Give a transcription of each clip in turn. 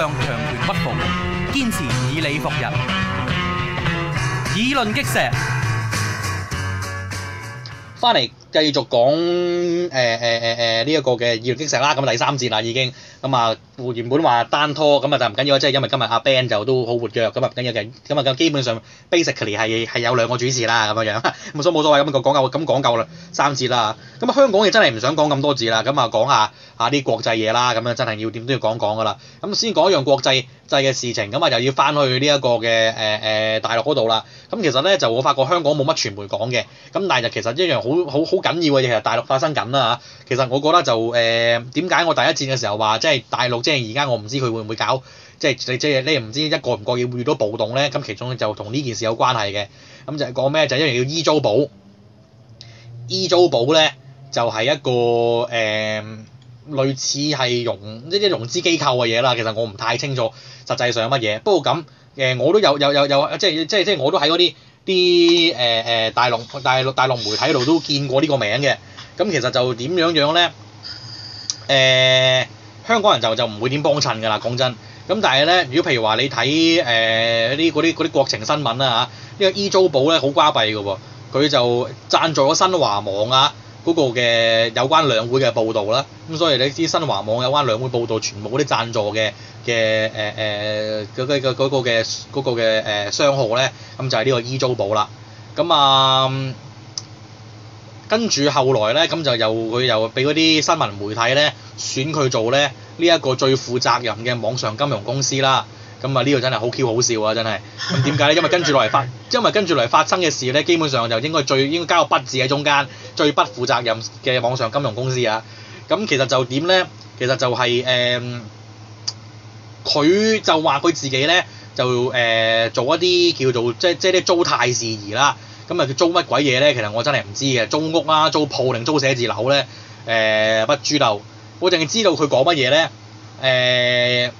向強權屈服，堅持以理服人，議論擊石。翻嚟繼續講誒誒誒誒呢一個嘅議論擊石啦，咁第三節啦已經咁啊！原本話單拖咁啊，但係唔緊要，即係因為今日阿 Ben 就都好活躍咁啊，唔緊要嘅，咁啊基本上 basically 係係有兩個主持啦咁樣樣，咁所以冇所謂咁啊講夠咁講夠啦三節啦，咁、嗯、啊香港亦真係唔想講咁多字啦，咁啊講下下啲國際嘢啦，咁啊真係要點都要講講㗎啦，咁、嗯、先講一樣國際際嘅事情，咁、嗯、啊又要翻去呢、這、一個嘅誒誒大陸嗰度啦，咁、嗯、其實咧就我發覺香港冇乜傳媒講嘅，咁但係就其實一樣好好好緊要嘅嘢，其實大陸發生緊啦嚇，其實我覺得就誒點解我第一戰嘅時候話即係大陸。即係而家我唔知佢會唔會搞，即係即係即係，你唔知一個唔覺意遇到暴動咧，咁其中就同呢件事有關係嘅。咁就係講咩？就一樣叫 E 租寶。E 租寶咧，就係、是、一個誒、呃，類似係融一啲融資機構嘅嘢啦。其實我唔太清楚實際上乜嘢。不過咁誒、呃，我都有有有有，即係即係即係我都喺嗰啲啲誒誒大陸大陸大陸媒體度都見過呢個名嘅。咁其實就點樣樣咧？誒、呃。香港人就就唔會點幫襯㗎啦，講真。咁但係咧，如果譬如話你睇誒啲嗰啲啲國情新聞啦嚇，呢、啊呢個 E 租寶咧好瓜閉嘅喎，佢、啊、就贊助咗新華網啊嗰個嘅有關兩會嘅報導啦。咁所以你知新華網有關兩會報導全部嗰啲贊助嘅嘅誒誒嗰嘅嗰嘅嗰商號咧，咁就係呢個 E 租寶啦。咁啊～、嗯嗯跟住後來咧，咁就又佢又俾嗰啲新聞媒體咧選佢做咧呢一個最負責任嘅網上金融公司啦。咁啊呢個真係好 Q 好笑啊！真係。咁點解咧？因為跟住落嚟發，因為跟住落嚟發生嘅事咧，基本上就應該最應該加個不字喺中間，最不負責任嘅網上金融公司啊。咁其實就點咧？其實就係誒，佢就話、是、佢、呃、自己咧就誒、呃、做一啲叫做即即係啲租貸事宜啦。咁啊！佢租乜鬼嘢咧？其實我真係唔知嘅，租屋啊、租鋪定租，租寫字樓咧？誒、呃、乜諸竇，我淨係知道佢講乜嘢咧？誒、呃，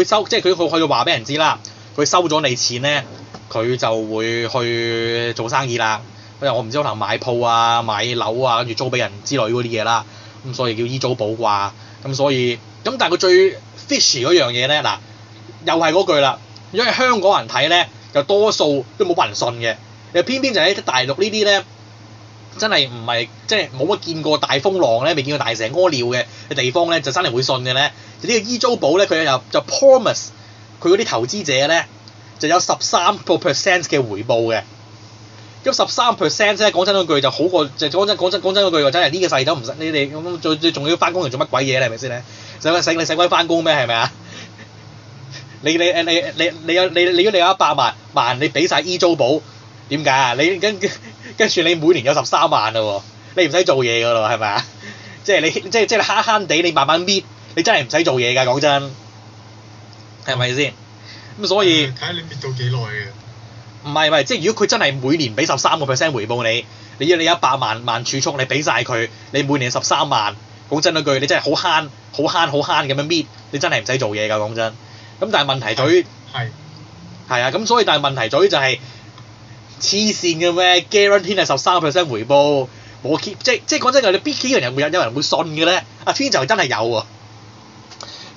佢收即係佢去去話俾人知啦。佢收咗你錢咧，佢就會去做生意啦。我又我唔知可能買鋪啊、買樓啊，跟住租俾人之類嗰啲嘢啦。咁所以叫 e 租寶啩。咁所以咁但係佢最 fishy 嗰樣嘢咧，嗱又係嗰句啦。因為香港人睇咧，就多數都冇乜人信嘅。偏偏就喺大陸呢啲咧，真係唔係即係冇乜見過大風浪咧，未見過大蛇屙尿嘅嘅地方咧，就真係會信嘅咧。就呢個 e 租寶咧，佢又就 promise 佢嗰啲投資者咧，就有十三個 percent 嘅回報嘅。咁十三 percent 先，講真嗰句就好過就講真講真講真嗰句話，真係呢個世都唔使你哋最最仲要翻工嚟做乜鬼嘢咧？係咪先咧？使鬼使你使鬼翻工咩？係咪啊？你你你你誒你你你你你，你，你，你有你如果你有一百萬萬，你俾晒 e 租寶。點解啊？你跟跟住你每年有十三萬啦喎，你唔使做嘢噶咯，係咪啊？即係你即係即係慳慳地，你慢慢搣，你真係唔使做嘢㗎，講真。係咪先？咁所以。睇下你搣到幾耐嘅。唔係唔係，即係如果佢真係每年俾十三個 percent 回報你，你要你一百萬萬儲蓄，你俾曬佢，你每年十三萬，講真嗰句，你真係好慳，好慳好慳咁樣搣，你真係唔使做嘢㗎，講真。咁但係問題在於。係。係啊，咁所以但係問題在於就係。黐線嘅咩？Guarantee 係十三個 percent 回報，冇 keep 即即，即，即講真你邊幾嘅人會有，有人會信嘅咧？阿天就真係有啊。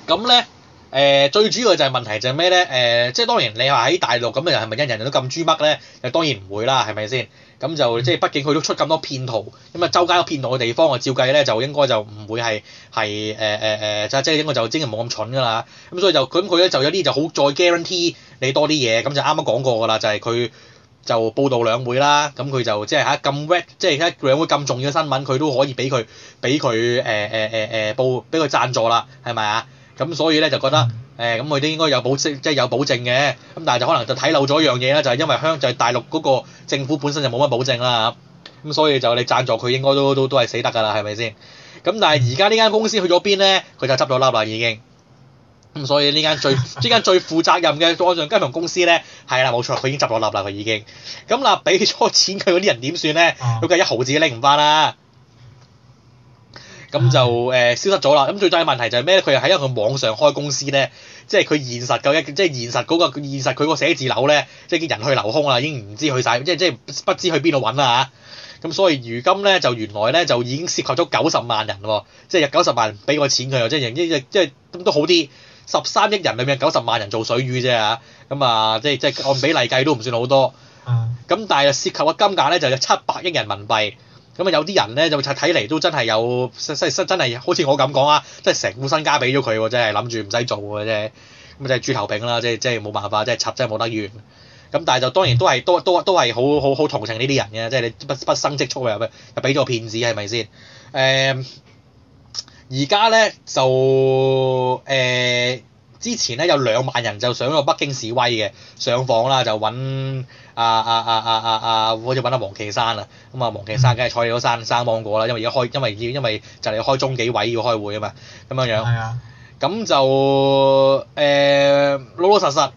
咁咧，誒、呃、最主要就係、是、問題就係咩咧？誒、呃、即係當然你話喺大陸咁又係咪真係人人都咁豬乜咧？又當然唔會啦，係咪先？咁就即係畢竟佢都出咁多騙徒，咁啊周街都騙徒嘅地方啊，我照計咧就應該就唔會係係誒誒誒，即係即係應該就真係冇咁蠢㗎啦。咁、嗯、所以就咁佢咧就有啲就好再 guarantee 你多啲嘢，咁就啱啱講過㗎啦，就係、是、佢。就是就報道兩會啦，咁佢就即係嚇咁 rap，即係而家兩會咁重要嘅新聞，佢都可以俾佢俾佢誒誒誒誒報俾佢贊助啦，係咪啊？咁所以咧就覺得誒咁佢都應該有保即係有保證嘅，咁但係就可能就睇漏咗一樣嘢啦，就係因為香就係大陸嗰個政府本身就冇乜保證啦嚇，咁所以就你贊助佢應該都都都係死得㗎啦，係咪先？咁但係而家呢間公司去咗邊咧？佢就執咗笠啦，已經。咁所以呢間最呢間最負責任嘅網上金融公司咧，係啦冇錯，佢已經執落笠啦。佢已經咁嗱俾咗錢佢嗰啲人點算咧？佢計一毫子拎唔翻啦。咁就誒、呃、消失咗啦。咁最大嘅問題就係咩咧？佢又喺一個網上開公司咧，即係佢現實嘅即係現實嗰、個現實佢個寫字樓咧，即係已經人去樓空啦，已經唔知去晒，即係即係不知去邊度揾啦嚇。咁所以如今咧就原來咧就已經涉及咗九十萬人喎，即係九十萬俾個錢佢又即係即係咁都好啲。十三億人裏面九十萬人做水魚啫嚇、啊，咁啊即係即係按比例計都唔算好多，咁但係涉及嘅金額咧就有七百億人民幣，咁啊有啲人咧就睇嚟都真係有真真係好似我咁講啊，即係成副身家俾咗佢喎，真係諗住唔使做嘅啫，咁啊即係豬頭餅啦，即係即係冇辦法，即係插真係冇得完，咁但係就當然都係都都都係好好好同情呢啲人嘅，即係你不不生積蓄啊咩，又俾咗個騙子係咪先？誒。嗯。而家咧就誒、呃、之前咧有兩萬人就上咗北京示威嘅 上訪啦，就揾啊啊啊啊啊，或者揾阿王岐山啊。咁啊王岐山梗係坐咗山生芒果過啦，因為而家開因為，因，為因，為因為要因為就嚟開中紀委要開會啊嘛，咁樣樣。係啊。咁 就誒老、呃、老實實，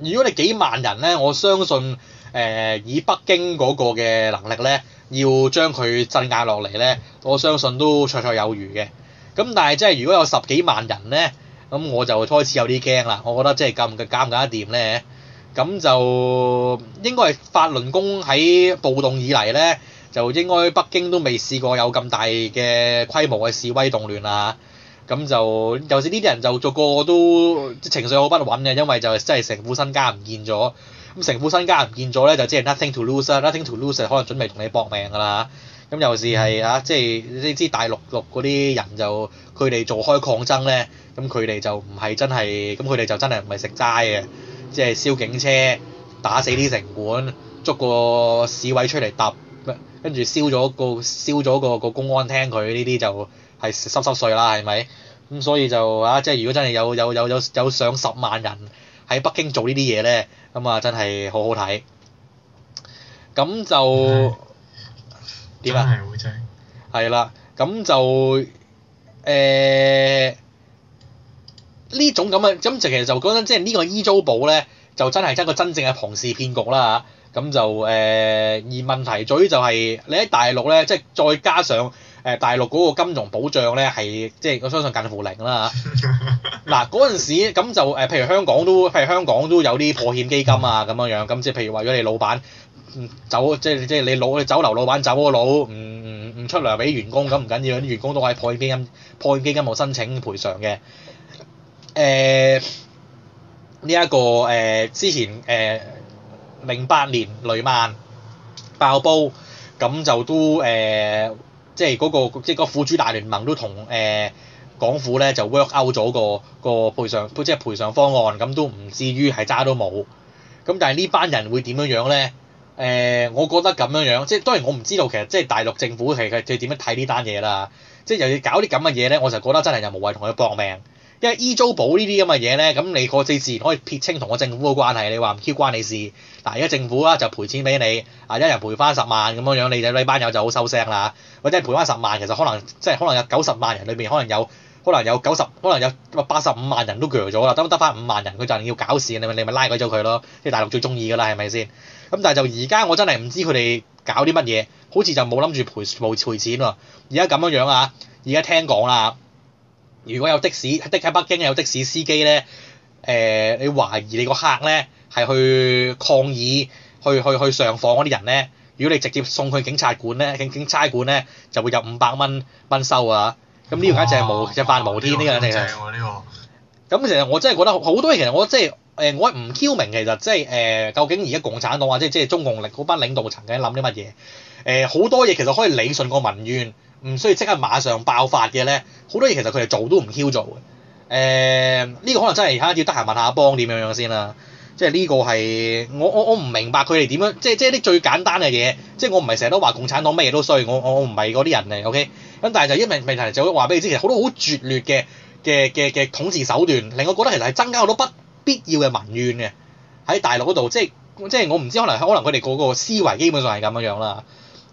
如果你幾萬人咧，我相信誒、呃、以北京嗰個嘅能力咧，要將佢鎮壓落嚟咧，我相信都綽綽有餘嘅。咁但係即係如果有十幾萬人咧，咁我就開始有啲驚啦。我覺得即係咁嘅監唔監得掂咧，咁就應該係法輪功喺暴動以嚟咧，就應該北京都未試過有咁大嘅規模嘅示威動亂啦。咁就尤其呢啲人就逐個，個，個都情緒好不穩嘅，因為就真係成副身家唔見咗，咁成副身家唔見咗咧，就真係 nothing to lose，nothing to lose 就可能準備同你搏命㗎啦。咁又是係啊，即係你知大陸陸嗰啲人就佢哋做開抗爭咧，咁佢哋就唔係真係，咁佢哋就真係唔係食齋嘅，即係燒警車、打死啲城管、捉個市委出嚟揼，咩跟住燒咗個燒咗個個公安廳，佢呢啲就係濕濕碎啦，係咪？咁所以就啊，即係如果真係有有有有有上十萬人喺北京做呢啲嘢咧，咁啊真係好好睇。咁就。真係會真係啦，咁就誒呢、呃、種咁嘅，咁就其實就講緊即係呢個 e 租寶咧，就真係真個真正嘅龐氏騙局啦嚇。咁就誒、呃、而問題最就係你喺大陸咧，即係再加上誒大陸嗰個金融保障咧，係即係我相信近乎零啦嗱，嗰陣時咁就誒，譬如香港都譬如香港都有啲破欠基金啊咁樣樣，咁即係譬如話咗你老闆。走即係即係你老你酒樓老闆走咗佬，唔唔唔出糧俾員工，咁唔緊要，啲員工都可以破損基金破損基金，冇申請賠償嘅。誒、呃，呢一個誒之前誒零八年雷曼爆煲，咁就都誒即係嗰個即係、就是、個苦主大聯盟都同誒、呃、港府咧就 work out 咗個個賠償即係賠償方案，咁都唔至於係渣都冇。咁但係呢班人會點樣樣咧？誒、呃，我覺得咁樣樣，即係當然我唔知道，其實即係大陸政府其實佢點樣睇呢單嘢啦。即係又要搞啲咁嘅嘢咧，我就覺得真係又無謂同佢搏命，因為 e 租寶呢啲咁嘅嘢咧，咁你個自自然可以撇清同個政府嘅關係。你話唔 Q 關你事，嗱而家政府啊就賠錢俾你，啊一人賠翻十萬咁樣樣，你哋班友就好收聲啦。或者係賠翻十萬，其實可能即係、就是、可能有九十萬人裏邊，可能有可能有九十，可能有八十五萬人都鋸咗啦，得得翻五萬人，佢就係要搞事，你咪你咪拉鬼咗佢咯。即係大陸最中意噶啦，係咪先？咁但係就而家我真係唔知佢哋搞啲乜嘢，好似就冇諗住賠冇賠錢喎。而家咁樣樣啊，而家聽講啦，如果有的士的喺北京有的士司機咧，誒你懷疑你個客咧係去抗議、去去去上訪嗰啲人咧，如果你直接送去警察館咧、警警察館咧，就會有五百蚊蚊收啊。咁呢個而家就無就法無天，呢個肯定係。正喎呢個。咁其實我真係覺得好多嘢，其實我真係。誒、呃、我係唔挑明其實即係誒究竟而家共產黨或者即係中共領嗰班領導層嘅諗啲乜嘢？誒、呃、好多嘢其實可以理順個民怨，唔需要即刻馬上爆發嘅咧。好多嘢其實佢哋做都唔挑做嘅。誒、呃、呢、這個可能真係而家要得閒問下阿邦點樣先啦。即係呢、這個係我我我唔明白佢哋點樣，即係即係啲最簡單嘅嘢，即係我唔係成日都話共產黨咩嘢都衰，我我我唔係嗰啲人嚟 OK。咁但係就一問問題就話俾你知，其實好多好拙劣嘅嘅嘅嘅統治手段令我覺得其實係增加好多不。必要嘅民怨嘅喺大陸嗰度，即係即係我唔知，可能可能佢哋個個思維基本上係咁樣樣啦。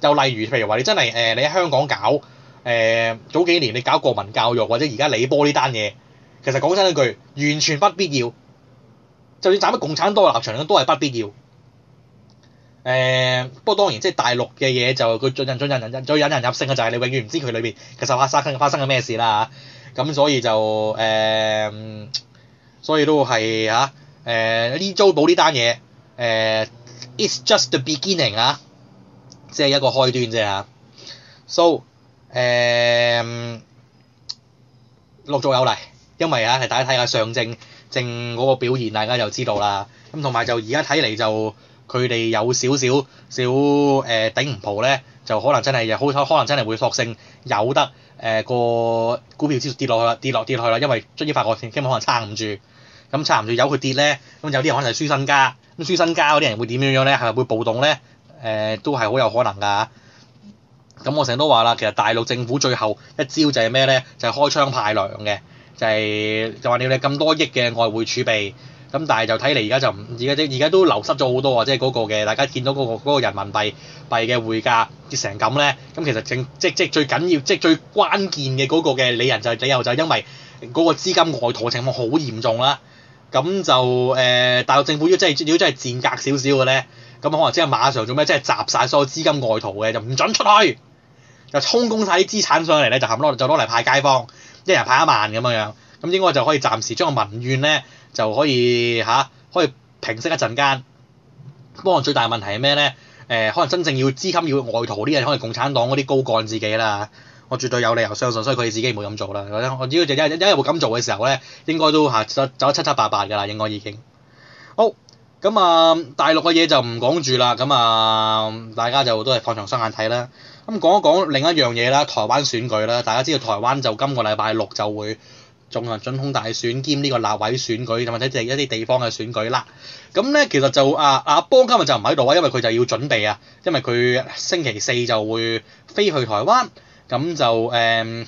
又例如，譬如話你真係誒、呃，你喺香港搞誒、呃、早幾年你搞國民教育，或者而家李波呢單嘢，其實講真一句，完全不必要。就算站咗共產黨立場，都係不必要。誒、呃，不過當然即係大陸嘅嘢就佢進,人進,人進人引進進進進進入性嘅就係你永遠唔知佢裏邊其實發生發生嘅咩事啦咁、啊、所以就誒。呃所以都係嚇，誒啲租寶呢單嘢，誒、啊、it's just the beginning 啊，即係一個開端啫吓。So，、啊、誒、嗯、陸續有嚟，因為啊，係大家睇下上證證嗰個表現大家就知道啦。咁同埋就而家睇嚟就佢哋有少少少誒、呃、頂唔蒲咧，就可能真係好可可能真係會索性有得。誒、呃、個股票持續跌落去啦，跌落跌落去啦，因為終於發覺先，基本上可能撐唔住。咁撐唔住，由佢跌咧，咁有啲人可能就係輸身家。咁輸身家嗰啲人會點點樣咧？係咪會暴動咧？誒、呃，都係好有可能㗎。咁我成日都話啦，其實大陸政府最後一招就係咩咧？就係、是、開槍派糧嘅，就係就話你你咁多億嘅外匯儲備。咁但係就睇嚟而家就唔而家啲而家都流失咗好多啊！即係嗰個嘅大家見到嗰個嗰個人民幣幣嘅匯價跌成咁咧，咁其實正即即最緊要即最關鍵嘅嗰個嘅理人就係理由就係因為嗰個資金外逃情況好嚴重啦。咁就誒、呃，大陸政府如果真係如果真係賤格少少嘅咧，咁可能即係馬上做咩？即係集晒所有資金外逃嘅就唔准出去，就充公晒啲資產上嚟咧，就冚落就攞嚟派街坊，一人派一萬咁樣樣，咁應該就可以暫時將個民怨咧。就可以嚇、啊，可以平息一陣間。不過最大問題係咩咧？誒、呃，可能真正要資金要外逃啲人，可能共產黨嗰啲高幹自己啦。我絕對有理由相信，所以佢哋自己唔會咁做啦。我只要一日會咁做嘅時候咧，應該都嚇走走，走得七七八八㗎啦，應該已經。好，咁、嗯、啊，大陸嘅嘢就唔講住啦。咁、嗯、啊，大家就都係放長雙眼睇啦。咁、嗯、講一講另一樣嘢啦，台灣選舉啦，大家知道台灣就今個禮拜六就會。眾人盡空大選兼呢個立委選舉，或者即係一啲地方嘅選舉啦。咁咧，其實就啊啊，邦今日就唔喺度啊，因為佢就要準備啊，因為佢星期四就會飛去台灣。咁就誒、嗯，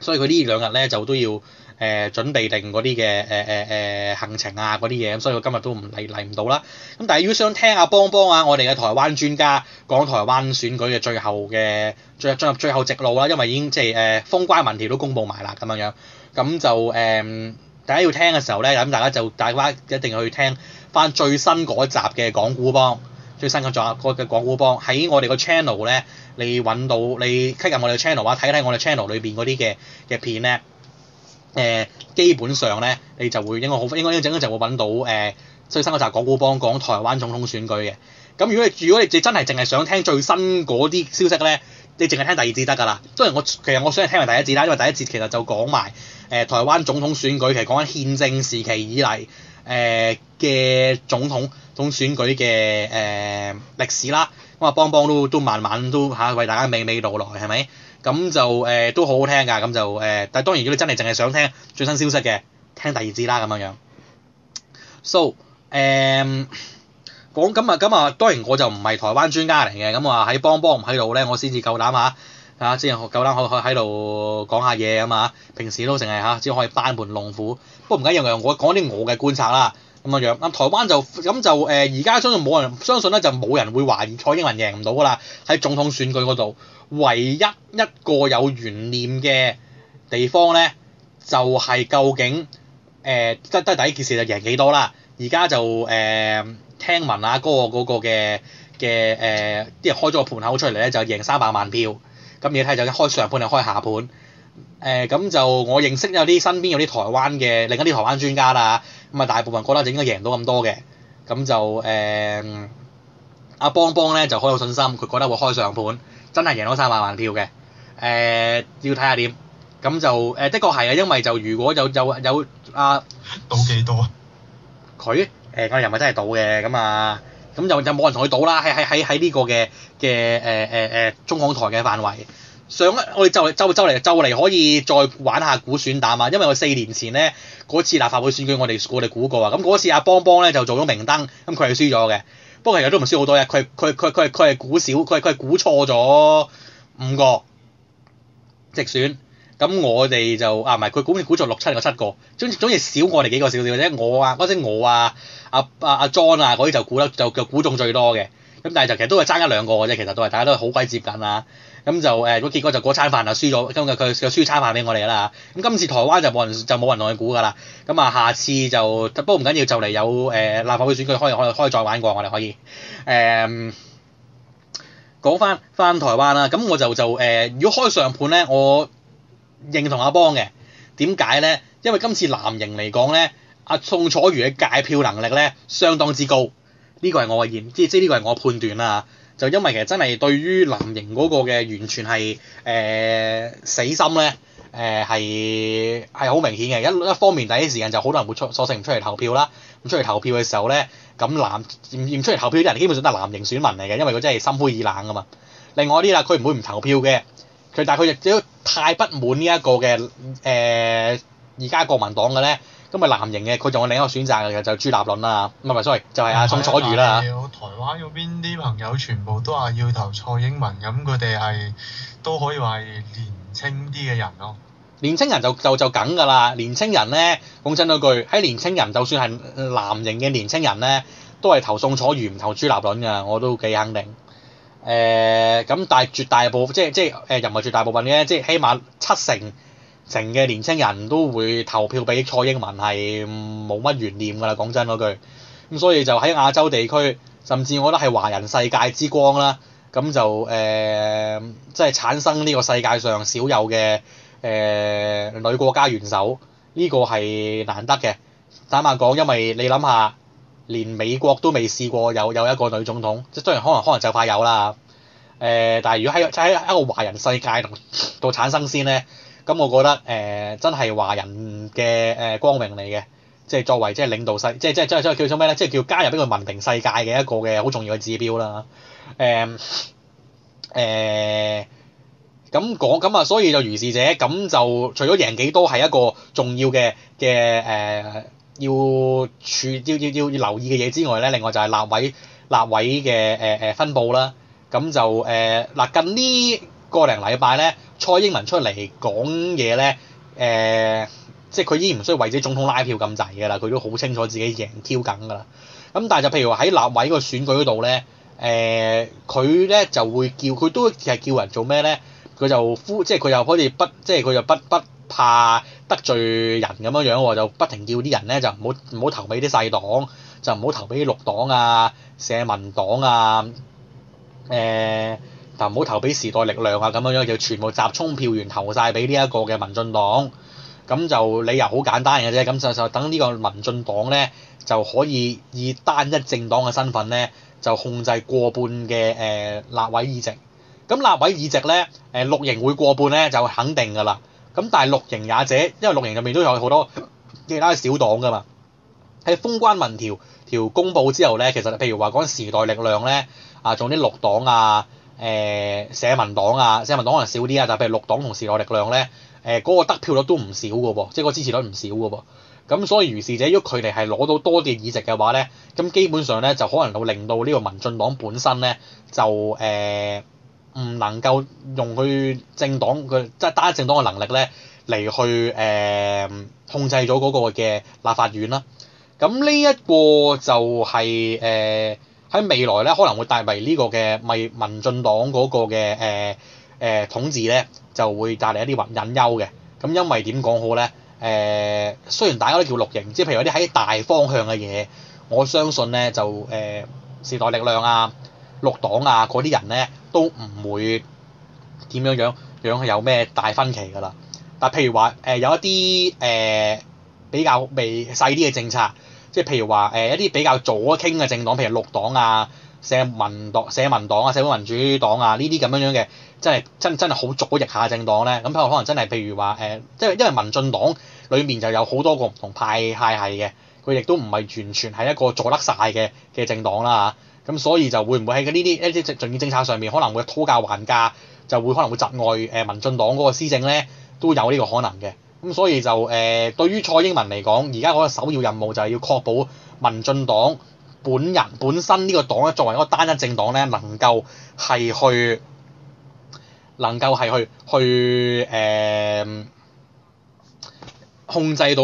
所以佢呢兩日咧就都要誒、呃、準備定嗰啲嘅誒誒誒行程啊嗰啲嘢，所以佢今日都唔嚟嚟唔到啦。咁但係要想聽阿邦幫，幫啊，我哋嘅台灣專家講台灣選舉嘅最後嘅進入進入最後直路啦，因為已經即係誒封關民調都公布埋啦，咁樣。咁就誒、嗯，大家要聽嘅時候咧，咁大家就大家一定要去聽翻最新嗰集嘅港股幫，最新嗰集嘅港股幫喺我哋個 channel 咧，你揾到你 click 入我哋個 channel 話睇一睇我哋 channel 裏邊嗰啲嘅嘅片咧，誒、呃、基本上咧你就會應該好應該應該就會揾到誒、呃、最新嗰集港股幫講台灣總統選舉嘅。咁如果你如果你真係淨係想聽最新嗰啲消息咧，你淨係聽第二節得㗎啦。當然我其實我想聽埋第一節啦，因為第一節其實就講埋。誒、呃、台灣總統選舉，其實講緊憲政時期以嚟誒嘅總統總選舉嘅誒、呃、歷史啦。咁啊，邦邦都都慢慢都嚇、啊、為大家娓娓道來，係咪？咁就誒、呃、都好好聽㗎，咁就誒、呃。但係當然，如果你真係淨係想聽最新消息嘅，聽第二節啦咁樣樣。So 誒講咁啊咁啊，當然我就唔係台灣專家嚟嘅。咁啊喺邦邦唔喺度咧，我先至夠膽嚇。嚇，即係、啊、夠膽可可喺度講下嘢啊嘛！平時都淨係嚇，只可以班門弄斧。不過唔緊要嘅，我講啲我嘅觀察啦。咁啊樣，咁、啊、台灣就咁就誒，而、呃、家相信冇人相信咧，就冇人會懷疑蔡英文贏唔到㗎啦。喺總統選舉嗰度，唯一一個有懸念嘅地方咧，就係、是、究竟誒得得第一件事就贏幾多啦。而家就誒、呃、聽聞啊哥嗰、那個嘅嘅誒啲人開咗個盤口出嚟咧，就係贏三百萬票。咁你睇就開上盤定開下盤，誒、呃、咁就我認識有啲身邊有啲台灣嘅，另一啲台灣專家啦，咁啊大部分覺得就應該贏到咁多嘅，咁就誒、呃、阿邦邦咧就好有信心，佢覺得會開上盤，真係贏到三萬萬票嘅，誒、呃、要睇下點，咁就誒、呃、的確係啊，因為就如果有有有阿賭幾多啊，佢誒我又咪真係賭嘅咁啊。咁就就冇人同佢賭啦，喺喺喺喺呢個嘅嘅誒誒誒中港台嘅範圍。上我哋週嚟週嚟嚟週嚟可以再玩下估選打嘛，因為我四年前咧嗰次立法會選舉我哋我哋估過啊，咁嗰次阿邦邦咧就做咗明燈，咁佢係輸咗嘅。不過其實都唔輸好多嘢，佢佢佢佢係佢係估少，佢佢係估錯咗五個直選。咁我哋就啊唔係佢估估咗六七個七個，總總之少我哋幾個少少，啫、啊。我啊嗰陣我啊阿阿阿 John 啊嗰啲、啊、就估得就就估中最多嘅，咁但係就其實都係爭一兩個嘅啫，其實都係大家都係好鬼接近啦、啊。咁就誒，個、呃、結果就嗰餐飯就輸咗，今日佢佢輸餐飯俾我哋啦。咁今次台灣就冇人就冇人同你估㗎啦。咁啊下次就不過唔緊要，就嚟有誒、呃、立法會選舉可以可以，可以再玩過，我哋可以誒、呃、講翻翻台灣啦。咁我就就誒、呃，如果開上盤咧我。認同阿邦嘅，點解咧？因為今次藍營嚟講咧，阿、啊、宋楚瑜嘅界票能力咧，相當之高。呢、這個係我嘅意見，即即呢、這個係我判斷啦。就因為其實真係對於藍營嗰個嘅完全係誒、呃、死心咧，誒係係好明顯嘅。一一方面，第一時間就好多人會出索性唔出嚟投票啦。咁出嚟投票嘅時候咧，咁藍唔出嚟投票嘅人基本上都係藍營選民嚟嘅，因為佢真係心灰意冷噶嘛。另外啲啦，佢唔會唔投票嘅。佢但係佢亦都太不滿呢一個嘅誒而家國民黨嘅咧，咁咪藍營嘅佢仲有另一個選擇嘅就係、是、朱立倫啦、啊，唔 sorry 就係阿、啊、宋楚瑜啦、啊。台灣嗰邊啲朋友全部都話要投蔡英文，咁佢哋係都可以話係年青啲嘅人咯、啊。年青人就就就梗㗎啦，年青人咧，講真句，喺年青人就算係藍營嘅年青人咧，都係投宋楚瑜唔投朱立倫㗎，我都幾肯定。誒咁、呃，但係絕大部分，即係即係誒，又唔係絕大部分嘅，即係起碼七成成嘅年輕人都會投票俾蔡英文，係冇乜懸念㗎啦，講真嗰句。咁所以就喺亞洲地區，甚至我覺得係華人世界之光啦。咁就誒、呃，即係產生呢個世界上少有嘅誒、呃、女國家元首，呢、這個係難得嘅。坦白講，因為你諗下。連美國都未試過有有一個女總統，即係雖然可能可能就快有啦。誒、呃，但係如果喺喺一個華人世界度產生先咧，咁、嗯、我覺得誒、呃、真係華人嘅誒光明嚟嘅，即係作為即係領導世，即係即係即係叫做咩咧？即係叫，叫加入呢個文明世界嘅一個嘅好重要嘅指標啦。誒、呃、誒，咁講咁啊，所以就如是者，咁就除咗贏幾多係一個重要嘅嘅誒。要處要要要，要留意嘅嘢之外咧，另外就係立委立委嘅誒誒分佈啦。咁就誒嗱近呢個零禮拜咧，蔡英文出嚟講嘢咧，誒、呃、即係佢已經唔需要為咗總統拉票咁滯㗎啦，佢都好清楚自己贏挑梗㗎啦。咁、呃、但係就譬如話喺立委個選舉嗰度咧，誒佢咧就會叫佢都係叫人做咩咧？佢就呼即係佢又好似不即係佢就不不怕，得罪人咁樣樣喎，就不停叫啲人咧就唔好唔好投俾啲細黨，就唔好投俾綠黨啊、社民黨啊，誒嗱唔好投俾時代力量啊咁樣樣，就全部集中票源投晒俾呢一個嘅民進黨。咁就理由好簡單嘅啫，咁就就等呢個民進黨咧，就可以以單一政黨嘅身份咧，就控制過半嘅誒立委議席。咁立委議席咧，誒綠營會過半咧，就肯定㗎啦。咁但係綠營也者，因為綠營入面都有好多其他小黨㗎嘛。喺封關民調條公布之後咧，其實譬如話嗰陣時代力量咧，啊仲有啲綠黨啊，誒、呃、社民黨啊，社民黨可能少啲啊，但係譬如綠黨同時代力量咧，誒、呃、嗰、那個得票率都唔少嘅喎，即、就、係、是、個支持率唔少嘅喎。咁所以如是者，如果佢哋係攞到多啲議席嘅話咧，咁基本上咧就可能會令到呢個民進黨本身咧就誒，呃唔能夠用佢政黨嘅，即係單一政黨嘅能力咧，嚟去誒控制咗嗰個嘅立法院啦。咁呢一個就係誒喺未來咧，可能會帶嚟呢個嘅咪民進黨嗰個嘅誒誒統治咧，就會帶嚟一啲隱憂嘅。咁因為點講好咧？誒、呃、雖然大家都叫綠營，即係譬如有啲喺大方向嘅嘢，我相信咧就誒呃、時代力量啊、綠黨啊嗰啲人咧。都唔會點樣樣，樣有咩大分歧㗎啦。但譬如話，誒有一啲誒、呃、比較微細啲嘅政策，即係譬如話，誒一啲比較左傾嘅政黨，譬如綠黨啊、社民黨、啊、社民黨啊、社會民主黨啊呢啲咁樣樣嘅，真係真真係好左翼下政黨咧。咁佢可能真係譬如話，誒、呃，因為因為民進黨裡面就有好多個唔同派派系嘅，佢亦都唔係完全係一個左得晒嘅嘅政黨啦。咁所以就會唔會喺呢啲一啲政政綱政策上面可能會討價還價，就會可能會窒礙誒民進黨嗰個施政呢都有呢個可能嘅。咁所以就誒、呃，對於蔡英文嚟講，而家嗰個首要任務就係要確保民進黨本人本身呢個黨咧，作為一個單一政黨咧，能夠係去能夠係去去誒、呃、控制到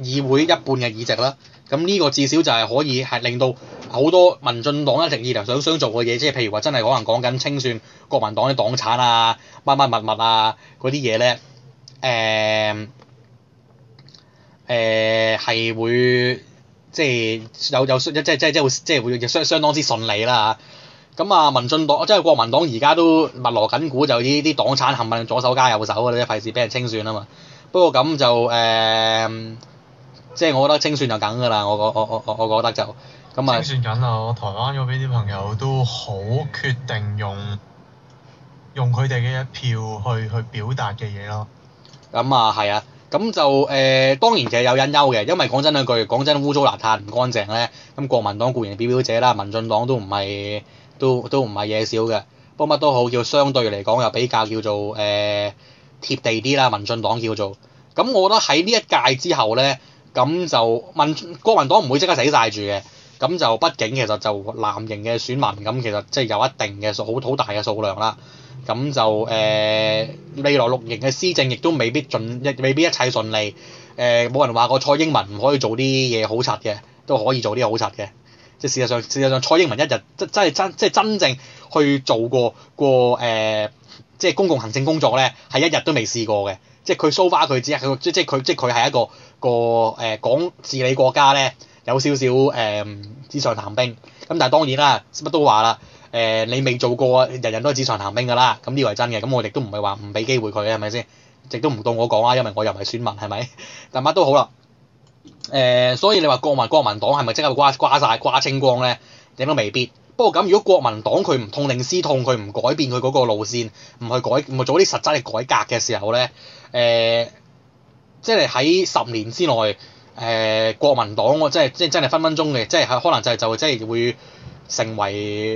議會一半嘅議席啦。咁呢個至少就係可以係令到好多民進黨一直以嚟想想做嘅嘢，即係譬如話真係可能講緊清算國民黨啲黨產啊、乜乜物物啊嗰啲嘢咧，誒誒係會即係有有相即即會即會即會相相當之順利啦。咁啊，民進黨即係國民黨而家都密鑼緊鼓，就呢啲黨產冚唪唥左手加右手啦，即係費事俾人清算啊嘛。不過咁就誒、呃，即係我覺得清算就梗㗎啦，我我我我，我覺得就。咁、嗯、清算緊啊！我台灣嗰邊啲朋友都好決定用用佢哋嘅一票去去表達嘅嘢咯。咁啊係啊，咁、啊、就誒、呃，當然其實有隱憂嘅，因為講真兩句，講真污糟邋遢唔乾淨咧。咁國民黨固然表表者啦，民進黨都唔係都都唔係嘢少嘅。不過乜都好，叫相對嚟講又比較叫做誒、呃、貼地啲啦。民進黨叫做咁，我覺得喺呢一屆之後咧，咁就民、國民黨唔會即刻死晒住嘅。咁就畢竟藍營其實就藍營嘅選民咁，其實即係有一定嘅數好好大嘅數量啦。咁就誒、呃，未來綠營嘅施政亦都未必盡一未必一切順利。誒、呃，冇人話過蔡英文唔可以做啲嘢好柒嘅，都可以做啲好柒嘅。即係事實上，事實上蔡英文一日真真係真即係真正去做過過誒，即、呃、係公共行政工作咧，係一日都未試過嘅。即係佢 so far 佢只係佢即即佢即佢係一個個誒、呃、港治理國家咧。有少少誒，紙、嗯、上談兵。咁但係當然啦，乜都話啦。誒、呃，你未做過，人人都係紙上談兵㗎啦。咁呢個係真嘅，咁我哋都唔係話唔俾機會佢嘅，係咪先？亦都唔到我講啦，因為我又唔係選民，係咪？但乜都好啦。誒、呃，所以你話國民國民黨係咪即刻瓜瓜曬瓜清光咧？應都未必。不過咁，如果國民黨佢唔痛定思痛，佢唔改變佢嗰個路線，唔去改唔做啲實質嘅改革嘅時候咧，誒、呃，即係喺十年之內。誒、呃、國民黨我即係即係真係分分鐘嘅，即係可能就係、是、就係即係會成為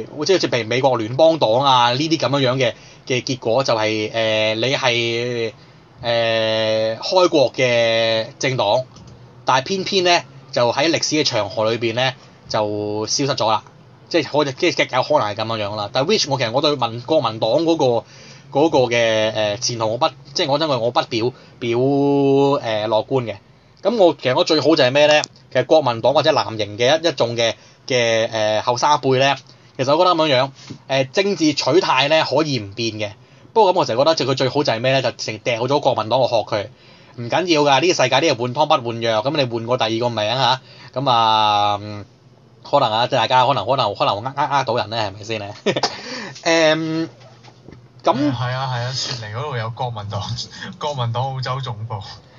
即係好似譬如美國聯邦黨啊呢啲咁樣樣嘅嘅結果就係、是、誒、呃、你係誒、呃、開國嘅政黨，但係偏偏咧就喺歷史嘅長河裏邊咧就消失咗啦，即係可即係極有可能係咁樣樣啦。但係 which 我其實我對民國民黨嗰、那個嘅誒、那個、前途我不即係我因為我不表表誒、呃、樂觀嘅。咁我其實我最好就係咩咧？其實國民黨或者藍營嘅一一眾嘅嘅誒後生輩咧，其實我覺得咁樣樣誒、呃、政治取態咧可以唔變嘅。不過咁我成日覺得就佢最好就係咩咧？就成日掉咗國民黨我學佢唔緊要㗎。呢個世界啲嘢換湯不換藥，咁你換過第二個名吓，咁啊、嗯、可能啊，即係大家可能可能可能會呃呃呃到人咧，係咪先咧？誒咁係啊係啊，雪梨嗰度有國民黨國民黨澳洲總部。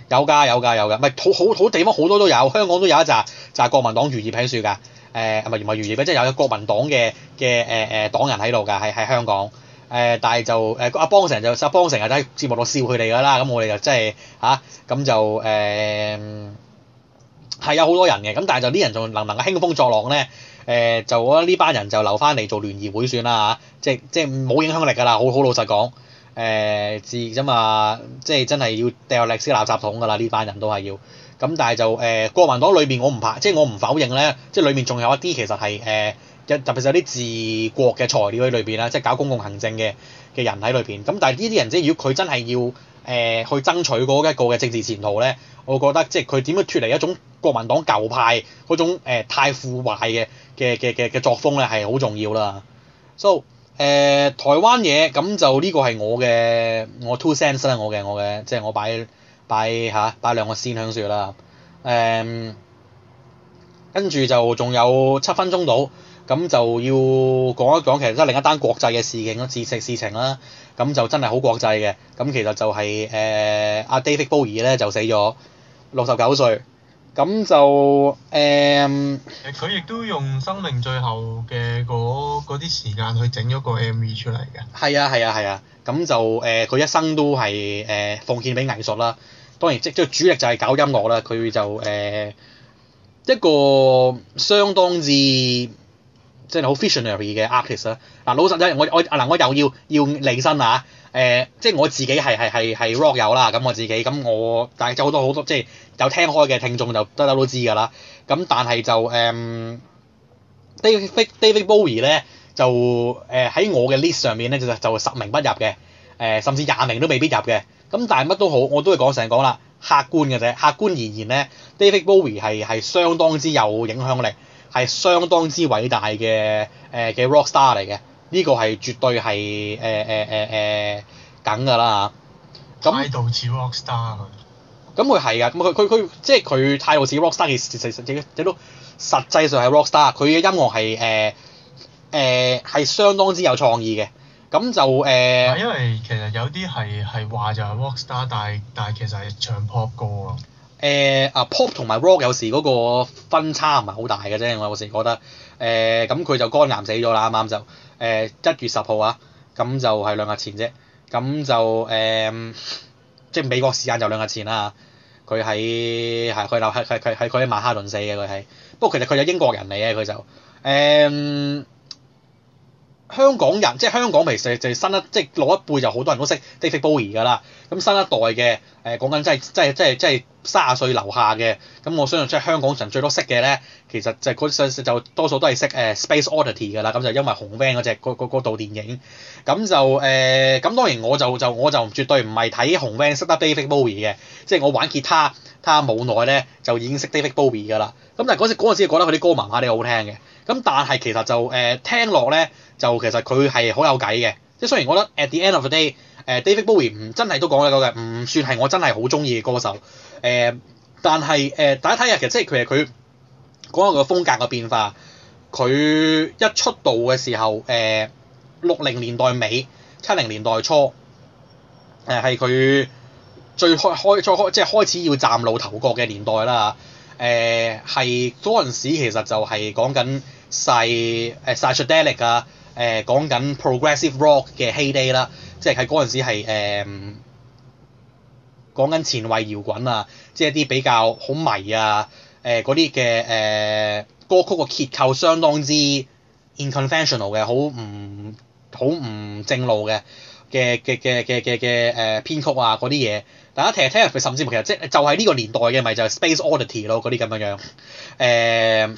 有㗎有㗎有㗎，唔係土好好地方好多都有，香港都有一集就係國民黨魚葉炳喺度噶，誒唔係唔係魚葉炳，即係有國民黨嘅嘅誒誒黨人喺度㗎，喺喺香港，誒但係就誒阿邦成就阿邦成日喺節目度笑佢哋㗎啦，咁我哋就即係吓，咁就誒係有好多人嘅，咁但係就啲人仲能唔能夠興風作浪咧？誒就我覺得呢班人就留翻嚟做聯誼會算啦嚇，即係即係冇影響力㗎啦，好好老實講。誒字啫嘛，即係真係要掉歷史垃圾桶㗎啦！呢班人都係要，咁但係就誒、呃、國民黨裏面，我唔怕，即係我唔否認咧，即係裏面仲有一啲其實係誒、呃，特別係有啲治國嘅材料喺裏邊啦，即係搞公共行政嘅嘅人喺裏邊。咁但係呢啲人即係如果佢真係要誒、呃、去爭取嗰一個嘅政治前途咧，我覺得即係佢點樣脱離一種國民黨舊派嗰種、呃、太腐壞嘅嘅嘅嘅嘅作風咧係好重要啦。So 誒、呃、台灣嘢咁就呢個係我嘅，我 two cents 啦，我嘅我嘅，即係我擺擺嚇擺、啊、擺兩個仙喺度啦，誒、嗯，跟住就仲有七分鐘到，咁就要講一講，其實真係另一單國際嘅事情咯，時事事情啦，咁就真係好國際嘅，咁其實就係誒阿 David Bowie 咧就死咗，六十九歲。咁就誒佢亦都用生命最後嘅嗰嗰啲時間去整咗個 MV 出嚟嘅。係啊係啊係啊，咁、啊啊、就誒佢、呃、一生都係誒、呃、奉獻俾藝術啦。當然即即主力就係搞音樂啦，佢就誒、呃、一個相當之即係好 visionary 嘅 artist 啦。嗱老實真係我我嗱我又要要離身啦、啊、～誒、呃，即係我自己係係係係 rock 友啦，咁我自己咁我，但係就好多好多即係有聽開嘅聽眾就得得都，都知㗎啦。咁但係就誒、嗯、，David Bowie 咧就誒喺、呃、我嘅 list 上面咧就就十名不入嘅，誒、呃、甚至廿名都未必入嘅。咁但係乜都好，我都係講成講啦，客觀嘅啫。客觀而言咧，David Bowie 係係相當之有影響力，係相當之偉大嘅誒嘅 rock star 嚟嘅。呢個係絕對係誒誒誒誒梗㗎啦咁喺、嗯、度似 rock star 咁佢係啊，咁佢佢佢即係佢態度似 rock star，其實其實亦都實際上係 rock star 佢嘅音樂係誒誒係相當之有創意嘅，咁就誒。呃、因為其實有啲係係話就係 rock star，但係但係其實係唱 pop 歌咯。誒啊、呃、！pop 同埋 rock 有時嗰個分差唔係好大嘅啫，我有時覺得。誒咁佢就肝癌死咗啦，啱啱就誒一、呃、月十號啊，咁就係兩日前啫，咁就誒、呃、即係美國時間就兩日前啦。佢喺係佢留喺佢佢喺佢喺曼哈頓死嘅佢喺，不過其實佢係英國人嚟嘅佢就誒。呃香港人即係香港，其實就新一即係老一輩就好多人都識 David Bowie 噶啦。咁新一代嘅誒講緊即係即係即係即係卅歲樓下嘅。咁我相信即係香港人最多識嘅咧，其實就嗰啲就多數都係識誒 Space Oddity 噶啦。咁就因為紅 van 嗰隻嗰嗰度電影。咁就誒，咁、呃、當然我就我就我就絕對唔係睇紅 van 識得 David Bowie 嘅。即係我玩吉他，他冇耐咧就已經識 David Bowie 噶啦。咁但係嗰時嗰陣時覺得佢啲歌麻麻地好聽嘅。咁、嗯、但係其實就誒、呃、聽落咧，就其實佢係好有計嘅。即係雖然我覺得 at the end of the day，誒、呃、David Bowie 唔真係都講呢個嘅，唔算係我真係好中意嘅歌手。誒、呃，但係誒、呃、大家睇下其實即係佢係佢講下個風格嘅變化。佢一出道嘅時候，誒六零年代尾、七零年代初，誒係佢最開開最開即係開始要嶄露頭角嘅年代啦。誒係嗰陣時，其實就係講緊細誒，psychedelic 啊，誒講緊 progressive rock 嘅 heyday 啦，即係喺嗰陣時係誒、嗯、講緊前衛搖滾啊，即係一啲比較好迷啊，誒嗰啲嘅誒歌曲嘅結構相當之 unconventional 嘅，好唔好唔正路嘅。嘅嘅嘅嘅嘅嘅誒編曲啊嗰啲嘢，spell，大家聽日聽日，甚至乎其實即就係呢個年代嘅咪就係、是、Space Oddity 咯嗰啲咁樣樣誒。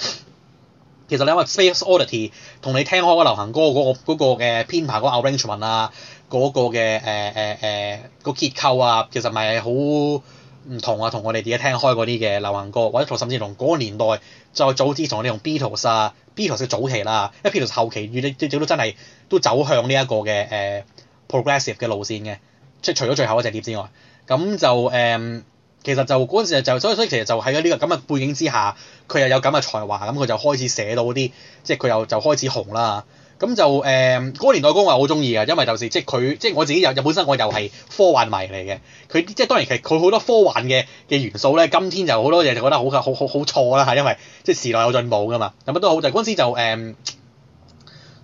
其實你話 Space Oddity 同你聽開嗰流行歌嗰個嗰個嘅編排嗰 arrangement 啊，嗰個嘅誒誒誒個結構啊，其實咪好唔同啊，同我哋而家聽開嗰啲嘅流行歌，或者同甚至同嗰個年代再早啲，同我哋用 Beatles 啊，Beatles 嘅早期啦，因為 Beatles 後期越嚟越整到真係都走向呢一個嘅誒。Progressive 嘅路線嘅，即係除咗最後嗰隻碟之外，咁就誒、嗯，其實就嗰陣時就，所以所以其實就喺呢、這個咁嘅背景之下，佢又有咁嘅才華，咁佢就開始寫到啲，即係佢又就開始紅啦，咁就誒嗰、嗯、年代歌我係好鍾意嘅，因為就係即係佢，即係我自己又本身我又係科幻迷嚟嘅，佢即係當然其實佢好多科幻嘅嘅元素咧，今天就好多嘢就覺得好好好好錯啦吓，因為即係時代有進步㗎嘛，咁乜都好，就嗰陣時就誒，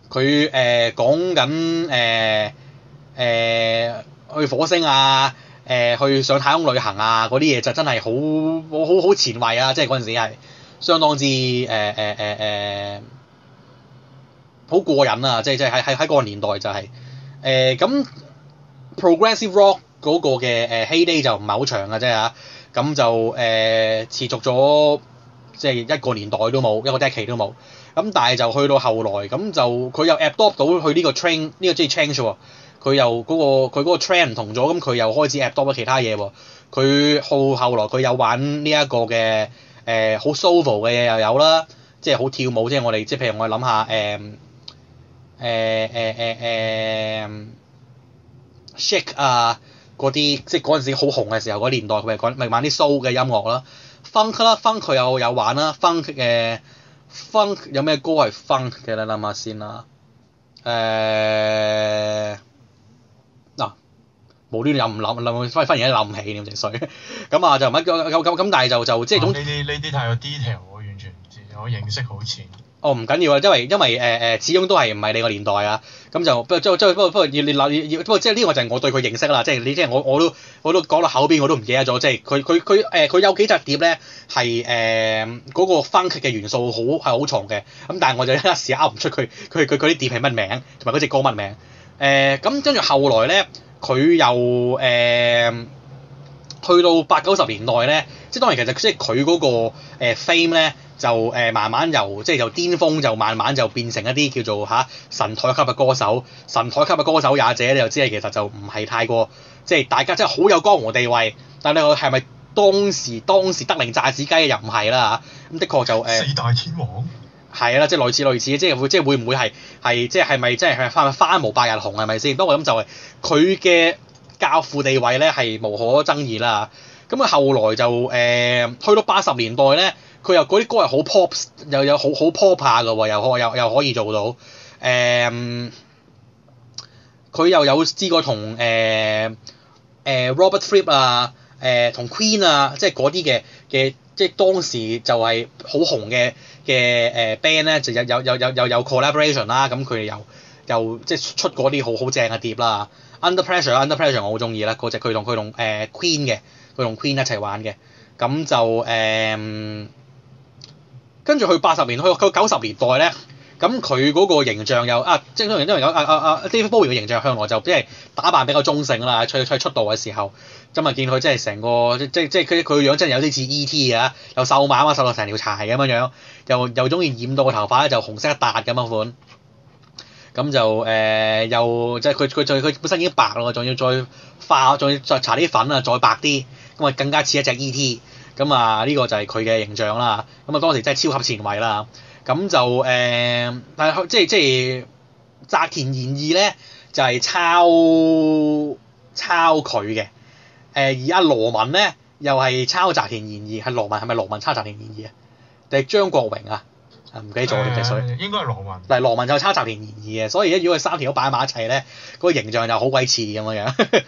佢誒講緊誒。誒、呃、去火星啊！誒、呃、去上太空旅行啊！嗰啲嘢就真係好好好前衞啊！即係嗰陣時係相當之誒誒誒誒好過癮啊！即係即係喺喺喺嗰個年代就係、是、誒咁、呃、Progressive Rock 嗰個嘅誒、呃、heyday 就唔係好長㗎啫嚇，咁就誒、呃、持續咗即係一個年代都冇一個 decade 都冇咁，但係就去到後來咁就佢又 adopt 到佢呢個 train 呢個即係 change、哦佢又嗰、嗰個佢嗰個 trend 唔同咗，咁佢又開始 add 多咗其他嘢喎。佢好後來佢有玩呢一個嘅誒好 soul 嘅嘢又有啦，即係好跳舞即係我哋即係譬如我哋諗下誒誒誒誒 shake 啊，嗰啲即係嗰陣時好紅嘅時候嗰年代佢咪講咪玩啲 soul 嘅音樂啦 ，funk 啦 funk 佢又有玩啦 funk 嘅，呃、funk 有咩歌係 funk 嘅你諗下先啦，誒、呃。無端又唔諗，諗翻翻嚟咧諗唔起咁直衰，咁啊 就唔咁咁但係就就即係呢啲呢啲太 detail，我完全唔知，我認識好淺。哦唔緊要啊，因為因為誒誒，始終都係唔係你個年代啊，咁就不就就不過不過要你不過即係呢個就係我對佢認識啦，即係你即係我我都我都講到口邊我都唔記得咗，即係佢佢佢誒佢有幾隻碟咧係誒嗰個 funk 嘅元素好係好重嘅，咁但係我就一時拗唔出佢佢佢佢啲碟係乜名，同埋嗰隻歌乜名。誒咁跟住後來咧，佢又誒、呃、去到八九十年代咧，即係當然其實即係佢嗰個誒、呃、fame 咧，就誒慢慢由即係由巔峰就慢慢就變成一啲叫做嚇、啊、神台級嘅歌手，神台級嘅歌手也者，你又知啊，其實就唔係太過即係大家真係好有江湖地位，但係咧係咪當時當時得令炸子雞又唔係啦嚇，咁、嗯、的確就誒。呃、四大天王。係啦，即係類似類似，即係會即係會唔會係係即係係咪即係向花花無百日紅係咪先？是不過咁就係佢嘅教父地位咧係無可爭議啦。咁啊後來就誒去、呃、到八十年代咧，佢又嗰啲歌係好 pop 又有好好 popular 嘅喎，又可又又可以做到誒。佢、呃、又有資過同誒誒 Robert Fripp 啊、誒、呃、同 Queen 啊，即係嗰啲嘅嘅即係當時就係好紅嘅。嘅誒 band 咧就有有有有有 collaboration 啦，咁佢哋又又即係出過啲好好正嘅碟啦。Under Pressure，Under Pressure 我好中意啦，嗰隻佢同佢同誒 Queen 嘅，佢同 Queen 一齊玩嘅，咁就誒、呃、跟住去八十年，去去九十年代咧。咁佢嗰個形象又啊，即、就、係、是、因為因為有啊啊啊 David Bowie 嘅形象向來就即係打扮比較中性啦，出出出道嘅時候，今日見佢、就是就是、真係成個即即即佢佢個樣真係有啲似 E.T. 啊，又瘦蜢啊瘦到成條柴咁樣樣，又又中意染到個頭髮咧就紅色一笪咁樣款，咁就誒、呃、又即係佢佢佢本身已經白啦，仲要再化仲要再搽啲粉啊再白啲，咁啊更加似一隻 E.T. 咁啊，呢個就係佢嘅形象啦，咁啊當時真係超級前衛啦～咁就誒、呃，但係即係即係澤田研二咧，就係、是、抄抄佢嘅。誒、呃、而阿羅文咧，又係抄澤田研二，係羅文係咪羅文抄澤田研二啊？定係張國榮啊？啊唔記得咗隻水，應該係羅文。但羅文就抄澤田研二嘅，所以咧如果佢三條都擺埋一齊咧，嗰、那個形象就好鬼似咁樣樣。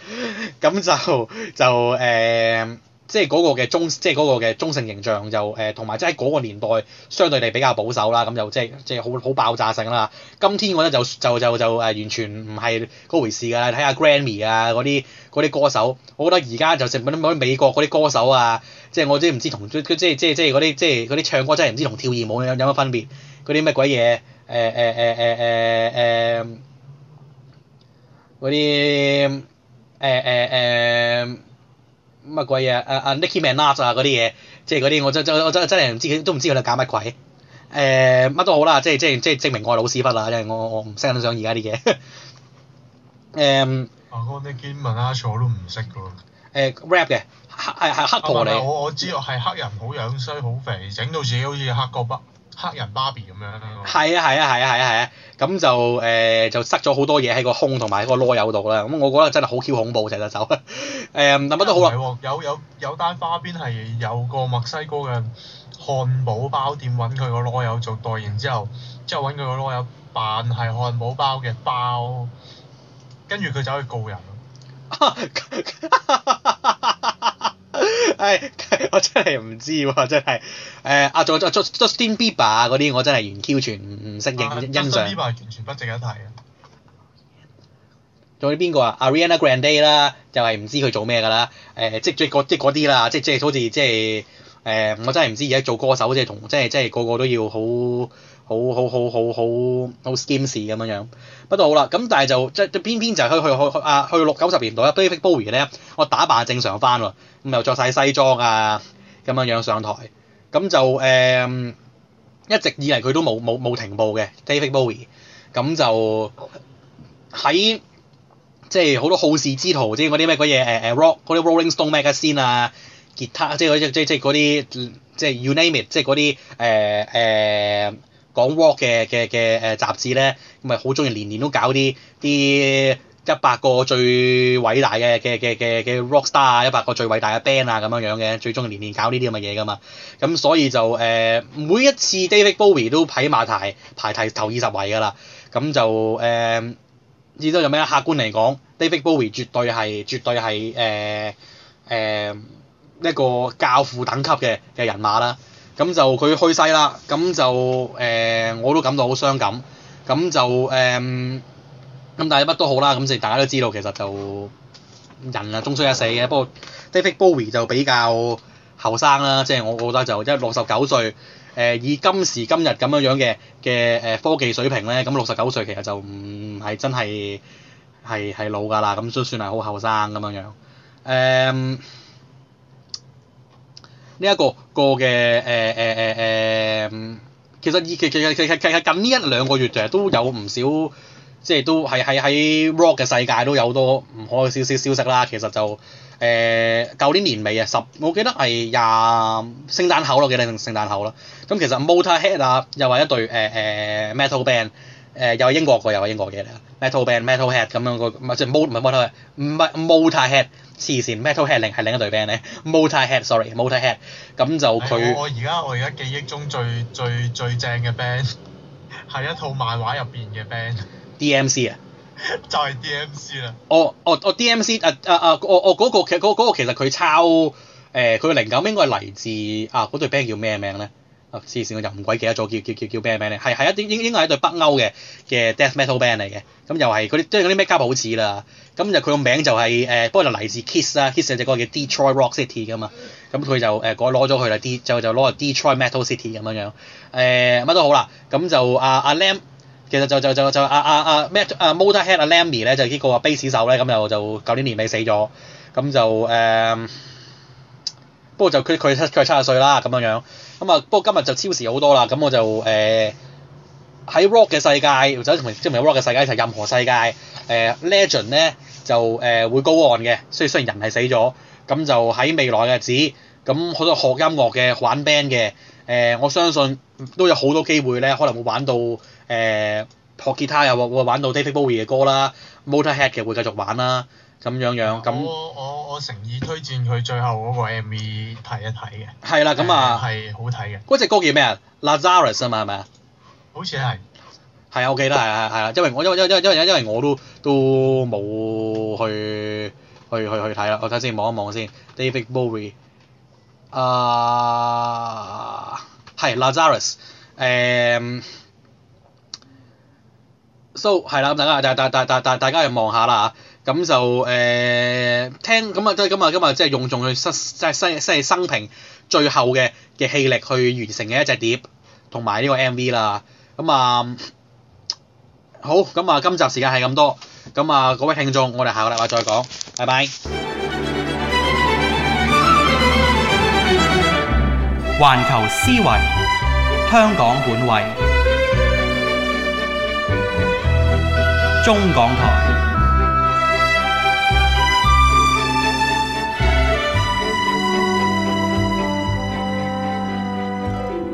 咁 就就誒。呃即係嗰個嘅中即係嗰個嘅中性形象就誒，同埋即係嗰個年代相對嚟比較保守啦，咁就即係即係好好爆炸性啦。ario 今天我覺得就就就就誒完全唔係嗰回事㗎，睇下 Grammy 啊嗰啲啲歌手，我覺得而家就成品啲美國嗰啲歌手啊，即係我真係唔知同即即即即嗰啲即係嗰啲唱歌真係唔知同跳豔舞有乜分別，嗰啲咩鬼嘢誒誒誒誒誒誒嗰啲誒誒誒。乜鬼嘢？啊啊！Nicki Minaj 啊，嗰啲嘢，即係嗰啲我真真我真真係唔知，都唔知佢哋搞乜鬼。誒，乜都好啦，即係即係即係證明我係老屎忽啦，因為我我唔識得上而家啲嘢。誒、 um, 啊。阿哥，Nicki Minaj 我都唔識嘅喎。rap 嘅黑係黑人嚟。我知道我知，係黑人好樣衰，好肥，整到自己好似黑角骨。黑人芭比咁樣咯。係啊係啊係啊係啊係啊，咁就誒就塞咗好多嘢喺個胸同埋喺個囉柚度啦。咁我覺得真係好 Q 恐怖，成日走。誒諗乜都好。唔係、啊、有有有單花邊係有個墨西哥嘅漢堡包店揾佢個囉柚做代言之後，之後揾佢個囉柚扮係漢堡包嘅包。跟住佢走去告人。 誒、哎，我真係唔知喎，真係誒，呃、有有 Justin 啊，做做 Justin Bieber 啊嗰啲，我真係完全唔唔適應欣賞。完全不值一提。仲有邊個啊？Ariana Grande 啦，又係唔知佢做咩㗎啦。誒、呃，即即嗰即啲啦，即係即係好似即係誒、呃，我真係唔知而家做歌手即係同即係即係個個都要好。好好好好好好 skims 咁樣樣，不過好啦，咁但係就即即偏偏就佢去去去啊去六九十年代啦，David Bowie 咧，我打扮正常翻喎，咁又着晒西裝啊咁樣樣上台，咁就誒、嗯、一直以嚟佢都冇冇冇停步嘅 David Bowie，咁就喺即係好多好事之徒，即係嗰啲咩鬼嘢誒誒 rock 嗰啲 Rolling Stone Magazine 啊，吉他即係嗰隻即即嗰啲即係 you name it 即係嗰啲誒誒。就是講 rock 嘅嘅嘅誒雜誌咧，咁咪好中意年年都搞啲啲一百個最偉大嘅嘅嘅嘅 rock star 啊，一百個最偉大嘅 band 啊咁樣樣嘅，最中意年年搞呢啲咁嘅嘢噶嘛。咁、嗯、所以就誒、呃，每一次 David Bowie 都喺馬蹄排頭二十位噶啦。咁、嗯、就誒，至多就咩客觀嚟講，David Bowie 絕對係絕對係誒、呃呃、一個教父等級嘅嘅人馬啦。咁就佢去世啦，咁就誒我都感到好傷感，咁就誒咁但係乜都好啦，咁即大家都知道其實就人啊終須一死嘅，不過 David Bowie 就比較後生啦，即係我覺得就即係六十九歲，誒以今時今日咁樣樣嘅嘅誒科技水平咧，咁六十九歲其實就唔係真係係係老㗎啦，咁都算係好後生咁樣樣，誒。呢一、這個、這個嘅誒誒誒誒，其實以其其其其其實近呢一兩個月成日都有唔少，即係都係係喺 rock 嘅世界都有多唔可少少消息啦。其實就誒舊、呃、年年尾啊十，我記得係廿聖誕後咯嘅定聖誕後咯。咁其實 Motorhead、啊、又係一隊誒誒 Metal Band。誒又係英國嘅，又係英國嘅啦。Metal band，Metal head 咁樣個，唔係即係冇唔係冇睇，唔係 Metal head 黐線，Metal head 另係另一隊 band 咧。Metal head，sorry，Metal head，咁就佢。我而家我而家記憶中最最最正嘅 band 係一套漫畫入邊嘅 band。D.M.C. 啊，就係 D.M.C. 啊。哦哦哦，D.M.C. 啊啊啊！我我嗰個其實嗰其實佢抄誒佢嘅靈感應該係嚟自啊嗰隊 band 叫咩名咧？黐線，我就唔鬼記得咗叫叫叫叫咩名咧？係係一啲應應該係對北歐嘅嘅 death metal band 嚟嘅，咁又係啲即係嗰啲咩家堡似啦。咁就佢個名就係誒，不過就嚟自 Kiss 啦。Kiss 有隻個叫 Detroit Rock City 㗎嘛。咁佢就誒嗰攞咗佢啦，D 就就攞個 Detroit Metal City 咁樣樣。誒乜都好啦，咁就阿阿 Lam，其實就就就就阿阿阿咩阿 Motorhead 阿 Lemmy 咧，就呢個 bass 手咧，咁就就舊年年尾死咗。咁就誒，不過就佢佢七佢七十歲啦，咁樣樣。咁啊，不過今日就超時好多啦，咁我就誒喺、呃、rock 嘅世界，或者同即唔係 rock 嘅世界一齊，任何世界誒、呃、legend 咧就誒、呃、會高岸嘅，所以雖然人係死咗，咁就喺未來嘅日子，咁好多學音樂嘅玩 band 嘅誒、呃，我相信都有好多機會咧，可能會玩到誒、呃、學吉他，i t a 又會玩到 David Bowie 嘅歌啦，Motorhead 嘅會繼續玩啦。咁樣樣，咁我我我誠意推薦佢最後嗰個 MV 睇一睇嘅。係啦、啊，咁啊係好睇嘅。嗰隻歌叫咩啊？Lazarus 啊嘛，係咪啊？好似係。係啊，我記得係係係啦，因為我因為因為因為因為我都都冇去去去去睇啦，我睇先望一望先。David Bowie、呃。Us, 呃、so, 啊，係 Lazarus。誒，So 係啦，咁大家大家大家大大家大家望下啦嚇。咁就誒聽，咁啊都咁啊，今日即係用盡佢生即係生即係生平最後嘅嘅氣力去完成嘅一隻碟同埋呢個 MV 啦。咁啊好，咁啊今集時間係咁多，咁啊各位聽眾，我哋下個禮拜再講，拜拜。環球思維，香港本位，中港台。